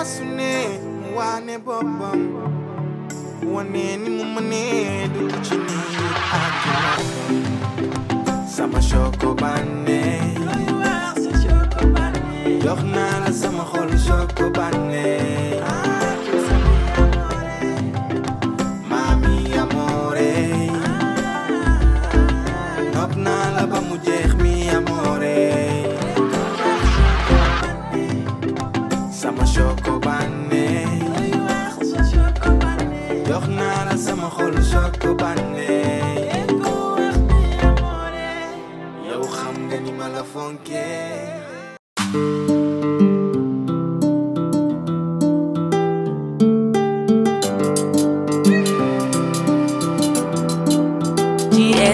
asune mwane bobo wane ni mumane dukuchini akina sama shoko bane jox naa la sama xol shoko bane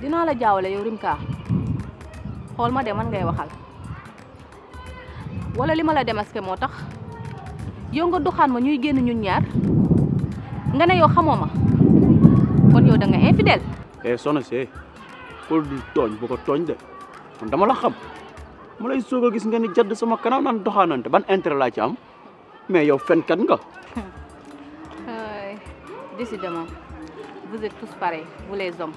dinaa la jaawale yow Rimka xool ma de man ngay waxal wala li ma la demaske moo tax yow nga doxaan ma ñuy génn ñun ñaar nga ne yow xamoo ma kon yow danga nga infidèle. eh soxna si kóol eh, du tooñ bu ko tooñ de man dama la xam mu lay soog a gis nga ni jadd sama kanam naan doxaanante ban intérêt laa ci am mais yow fenkat nga. décidément vous êtes tous pareils vous les hommes.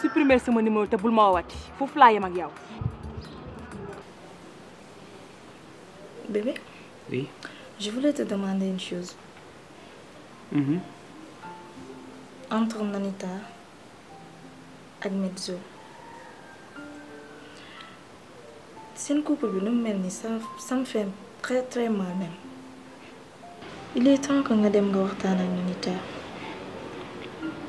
supprimer sama numéro te bul ma woowaati Il faut yem ak bébé. oui. je voulais te demander une chose. Mmh. entre Nanita et Metzo seen couple bi nous mu mel ni ça ça me fait très très mal même. il est temps que nga dem nga waxtaan ak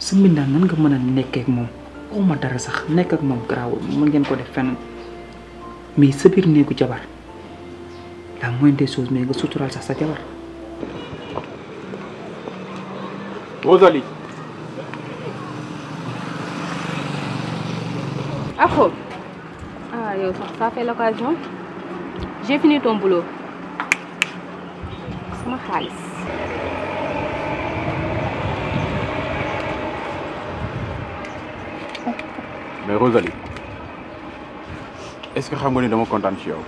sa mbindaa nan nga mën a nekkee ak moom xaw ma dara sax nekk ak moom garaawul mën ngeen ko def feneen mais sa biir néegu jabar la moindre nga suturaal sax sa jabar. Rosalie. Afro. ah yow sax ça fini ton boulot xaalis. mais Rosalie est-ce que xam nga ni dama kontaan ci yow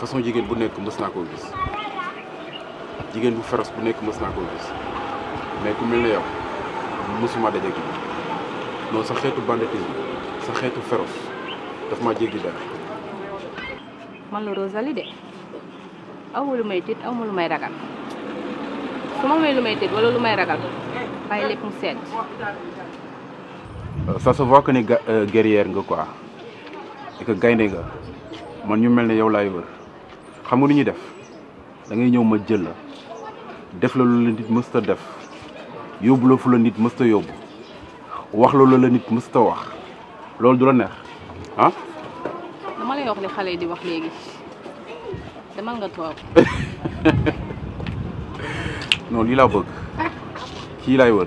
façon jigéen bu nekk mës naa koo gis jigéen bu féroce bu nekk mës naa koo gis mais ku mel ne yow mësuma daje gi non sa xeetu banditisme sa xeetu féroce daf ma jéggi dara. man la Rosalie de aw lu may tiit aw lu may ragal su ma may lu may tiit wala lu may ragal bàyyi lépp mu sedd sa se voit que ni euh, guerrière nga quoi gaynde nga man ñu mel ne yow laay wër xam nga lu ñuy def dangay ñëw ma jël la def la lu la nit mësta def yóbbu la fu la nit mësta yóbbu wax loolu la nit mësta wax loolu du la neex ah. dama lay wax xale yi di wax léegi demal nga toog. non lii laa bëgg kii laay wër.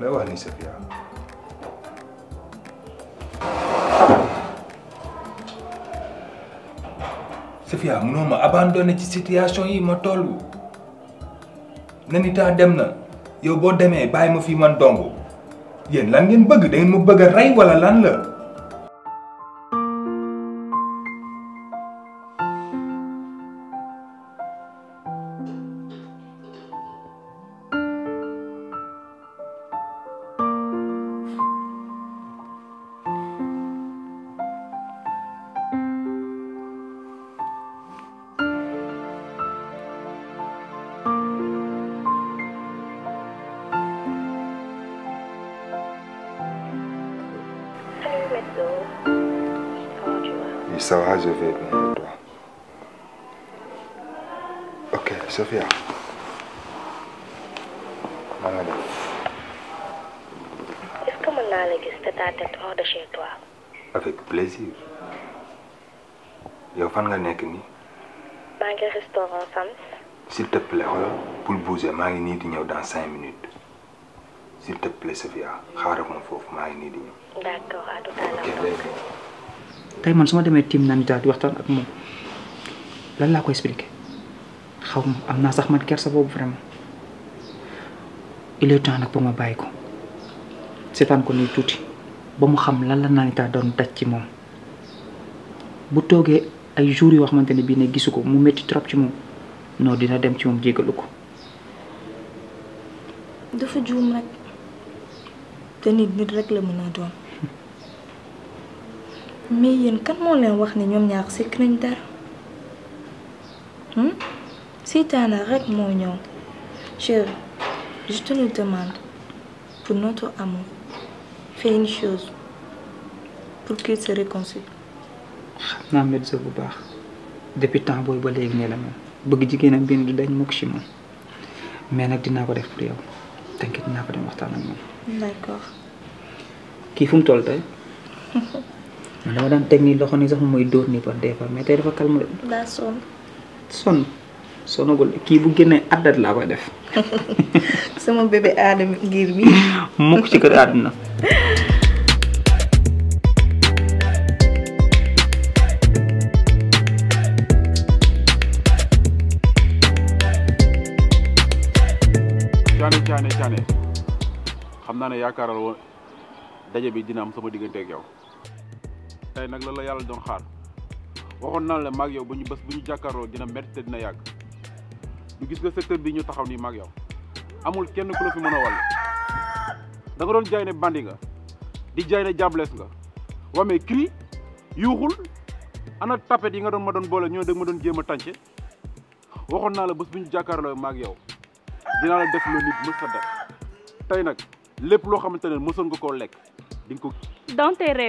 lay wax ni Safia Safia mënoo ma abandonné ci situation yi ma toll Nanita dem na yow boo demee bàyyi ma fii man dong yéen lan ngeen bëgg da ngeen bëgg a rey wala lan la ça va, je vais venir toi. Ok, Sophia. Ma Est-ce que mën naa la ta tête hors de chez toi. avec plaisir. yow fan nga nekk nii. maa un restaurant Sams. s'il te plaît xoolal pour bouger je ngi di dans 5 minutes s'il te plaît Sophia xaaral ma foofu maa ngi nii di d'accord à tout à l'heure. tey man su ma demee tiim Namita di waxtaan ak moom lan laa koy expliqué xaw ma am naa sax man kersa boobu vraiment il est temps nag ba ma bàyyi ko seetaan ko nii tuuti ba mu xam lan la Namita doon daj ci moom bu toogee ay jours yoo xamante ne bii ne gisu ko mu métti trop ci moom noo dina dem ci moom jégalu ko. dafa juum rek te nit nit rek la mën a doon. mais yéen kan mo len wax ne ñoom ñaar sekk nañ dara hmm? seytaane rek mo ñow. chérie je te le demande pour notre amour fais une chose pour qu'il se réconcilie xam naa médecin bu baax depuis temps boy ba lég ne la moom bëgg jigéenam bi dañ mukk ci mo. mais nak dina ko def pour yow t'inquiète dina ko dem waxtaan ak moom d'accord kii fu mu toll tey man dama daan teg loxo nii sax mooy dóor nii par des fois mais tey dafa calme de. daa sonn. sonn sonnagul kii bu génnee àddat laa koy def. sama bébé aadama ngir bi. mukk ci kër àdduna. caane caane xam naa ne yaakaaral woon daje bi dina am sama diggante ak yow. tey nag loolu la yàlla doon xaar waxoon naa la maag yow bu ñu bés bu ñu jàkkaarloo dina métti te dina yàgg du gis nga secteur bi ñu taxaw ni maag yow amul kenn ku la fi mën a wàll da doon jaay ne bandi nga di jaay ne jàblees nga wamee cri yuuxul ana tapet yi nga doon ma doon boole ñoo dag ma doon jéem a tànce waxoon naa la bés bu ñu jàkkaarloo maag yow dinaa la def loo nit mës tey nag lépp loo xamante ne mësoon nga koo lekk di nga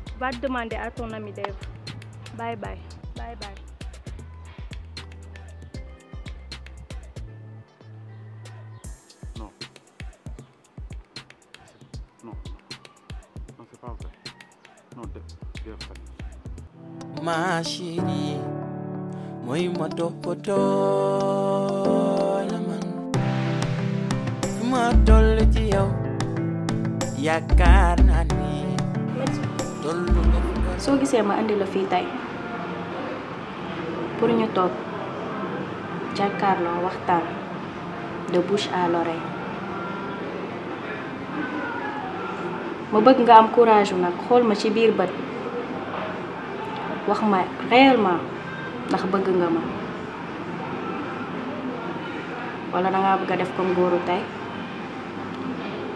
va demander à ton ami Dev. Bye bye. Bye bye. Non. Non. Ma chérie, moi, il m'a ma toll ci yow yaakaar naa ni so gisee ma andi la fi tay pour ñu tok jakarlo waxtan de bouche à l'oreille ma bëgg nga am courage nak xol ma ci biir bët wax ma réellement ndax bëgg nga ma wala da nga bëgg def comme goru tay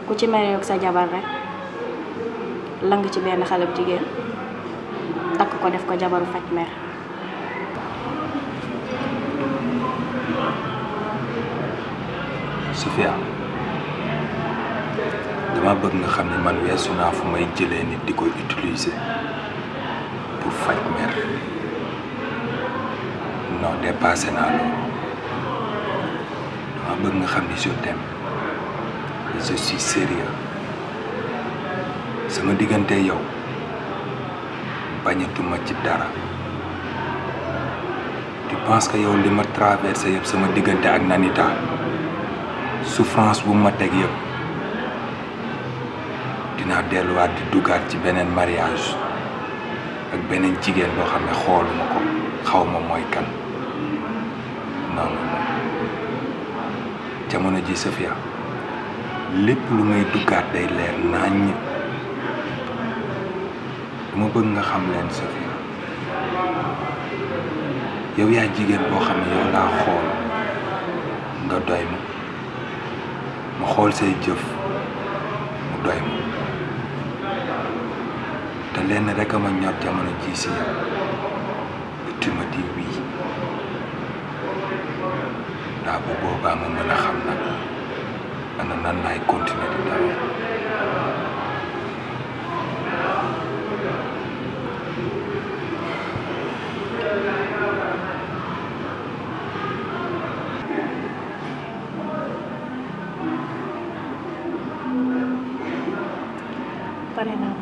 ku ci ak sa jabar rek lang ci benn xale bu jigéen takk ko def ko jabaru faj mer Sofia dama bëgg nga xam ne man weesu naa fu may jëlee nit di koy utiliser pour faj mer non dépassé naa loolu dama bëgg nga xam ne je t'aime et je sérieux sama dengan dia banyak tu dara darah ya. di pas kaya li ma traversé yëpp sama diggante ak nanita souffrance bu mata teg di dugaat ci benen mariage ak benen jigéen boo xam ne mako ko xawma mooy kan non nah, nah, nah. jamono ji sofia lépp lu ngay dugaat day leer dama bëgg nga xam leen Safia yow yaa jigéen boo xam ne yow laa xool nga doy ma ma xool say jëf mu doy ma te lenn rek a ma ñor jamono ji si yow tu wii ndaa bu boobaa ma mën a xam nag ana nan laay continuer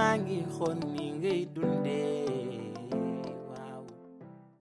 maa ngi xool ni ngay dundee